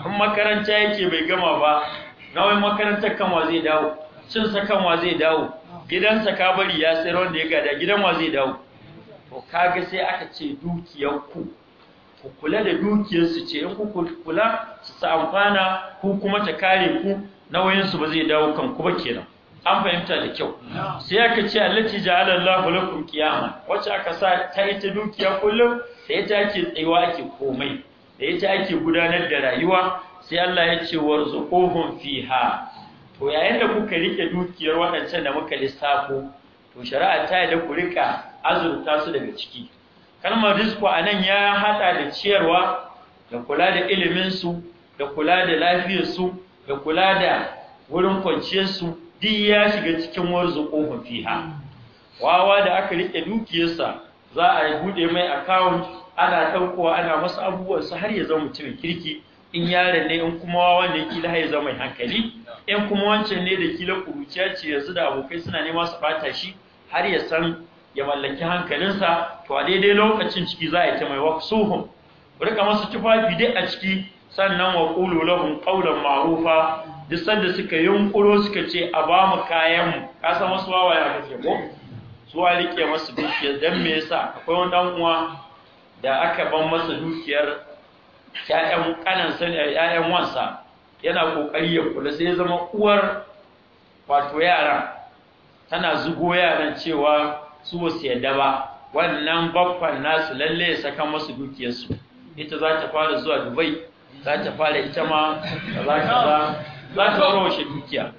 in makaranta yake bai gama ba nauyin makarantar kanwa zai dawo cinsa kanwa zai dawo gidansa ka bari ya tsira wanda ya gada gidan wa zai dawo to kaga sai aka ce dukiyar ku ku kula da dukiyarsu ce in ku kula su sa amfana ku kuma ta kare ku nauyinsu ba zai dawo kan ku ba kenan an fahimta da kyau sai aka ce allati ja'ala Allahu lakum qiyama wacce aka sa ta ita dukiya kullum da ita ake tsayuwa ake komai da ita ake gudanar da rayuwa sai Allah ya ce warzuquhum fiha to yayin da kuka rike dukiyar waɗancan da muka lissafo to shari'a ta yi da ku rika azurta su daga ciki kalmar rizku a nan ya haɗa da ciyarwa da kula da iliminsu da kula da lafiyarsu da kula da wurin kwanciyarsu duk ya shiga cikin warzuƙofin fiha wawa da aka riƙe dukiyarsa za a buɗe mai akawun ana ɗaukowa ana masu abubuwansu har ya zama mutumin kirki in yaron ne in kuma wawan ne kila ya zama mai hankali in kuma wancan ne da kila kuruciya ce yanzu da abokai suna nema su fata shi har ya san ya mallaki hankalinsa to a daidai lokacin ciki za a yi ta mai waqsuhum rika masu tufafi dai a ciki sannan wa qulu lahum qawlan ma'rufa duk sanda suka yunkuro suka ce a ba mu kayan mu ka san wasu ya kace ko su a rike masu dukiyar dan me yasa akwai wani dan uwa da aka ban masa dukiyar ƴaƴan kanansa ƴaƴan wansa yana kokari ya kula sai ya zama uwar wato yaran tana zugo yaran cewa su ba su yadda ba wannan baffan nasu lalle ya saka masu dukiyarsu ita za ta fara zuwa dubai za ta fara ita ma za ta za ta dukiya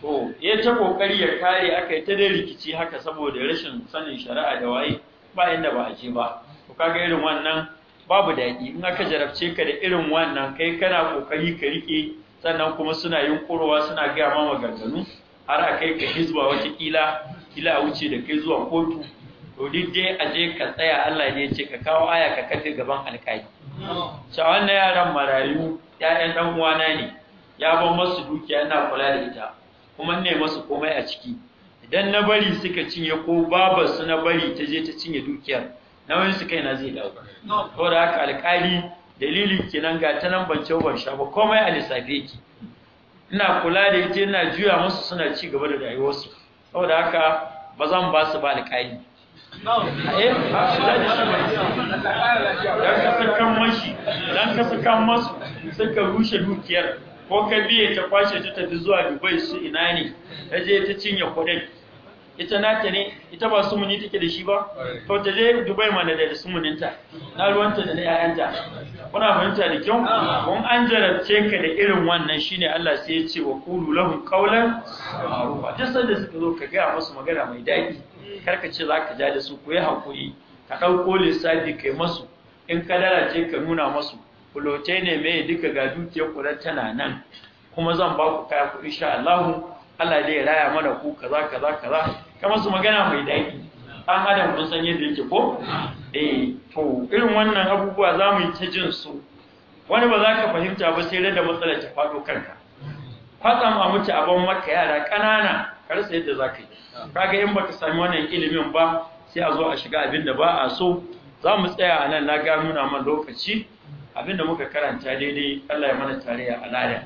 to ya ta kokari ya kare aka yi ta dai rikici haka saboda rashin sanin shari'a da waye ba inda ba a je ba to kaga irin wannan babu daɗi in aka jarabce ka da irin wannan kai kana kokari ka rike sannan kuma suna yunkurowa suna gaya ma maganganu har a kai ka wata ƙila kila wuce da kai zuwa kotu to duk dai a je ka tsaya Allah ne ce ka kawo aya ka kafe gaban alƙali. sha wannan yaran marayu ƴaƴan dan uwana ne ya ban masu dukiya ina kula da ita kuma ne masu komai a ciki idan na bari suka cinye ko babar su na bari ta je ta cinye dukiyar wani su kaina zai dawo to da haka alkali dalili kenan ga ta nan ban ban sha ba komai a lissafe ki ina kula da ita ina juya musu suna ci gaba da rayuwarsu saboda haka ba zan ba su ba alƙali eh, dan ka kan masu suka rushe dukiyar ko ka biye ta kwashe ta tafi zuwa dubai su ina ne ta je ta cinye kuɗin ita nata ne ita ba sumuni take da shi ba to ta je dubai mana da sumuninta na ruwanta da na 'ya'yanta kuna fahimta da kyau kun ah. an jarabce ka da irin wannan shine Allah sai ya ce wa qulu lahum qawlan ma'rufa duk sanda suka zo ka gaya musu magana mai daɗi ka ce zaka ja da su ku yi hakuri ka ɗauko lissafi kai masu in ka lalace ka nuna masu kulote ne mai duka ga dukiyar kudan tana nan kuma zan ba ku kaya ku insha Allah Allah zai ya raya mana ku kaza kaza kaza ka masu magana mai daɗi ɗan adam kun san yadda yake ko eh to irin wannan abubuwa za mu yi ta jin su wani ba za ka fahimta ba sai da matsalar ta faɗo kanka kwatsam a mutu abin maka yara ƙanana ka rasa yadda za ka yi kaga in baka sami wannan ilimin ba sai a zo a shiga abin da ba a so za mu tsaya a nan na ga nuna man lokaci abin da muka karanta daidai Allah ya mana tarayya a lada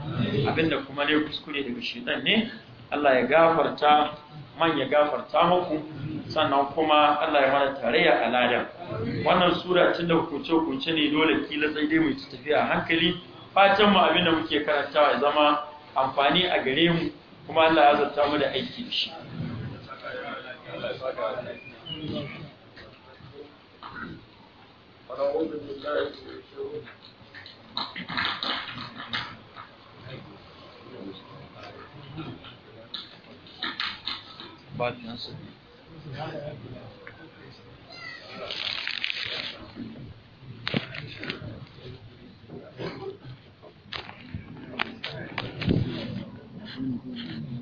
abin da kuma ne kuskure daga shi ne Allah ya gafarta man ya gafarta muku sannan kuma Allah ya mana tarayya a ladan wannan sura tun da hukunce hukunce ne dole kila sai dai mu ci tafiya hankali fatan mu abinda muke karantawa ya zama amfani a gare mu kuma Allah ya zata mu da aiki da shi بات یہاں سے Thank you.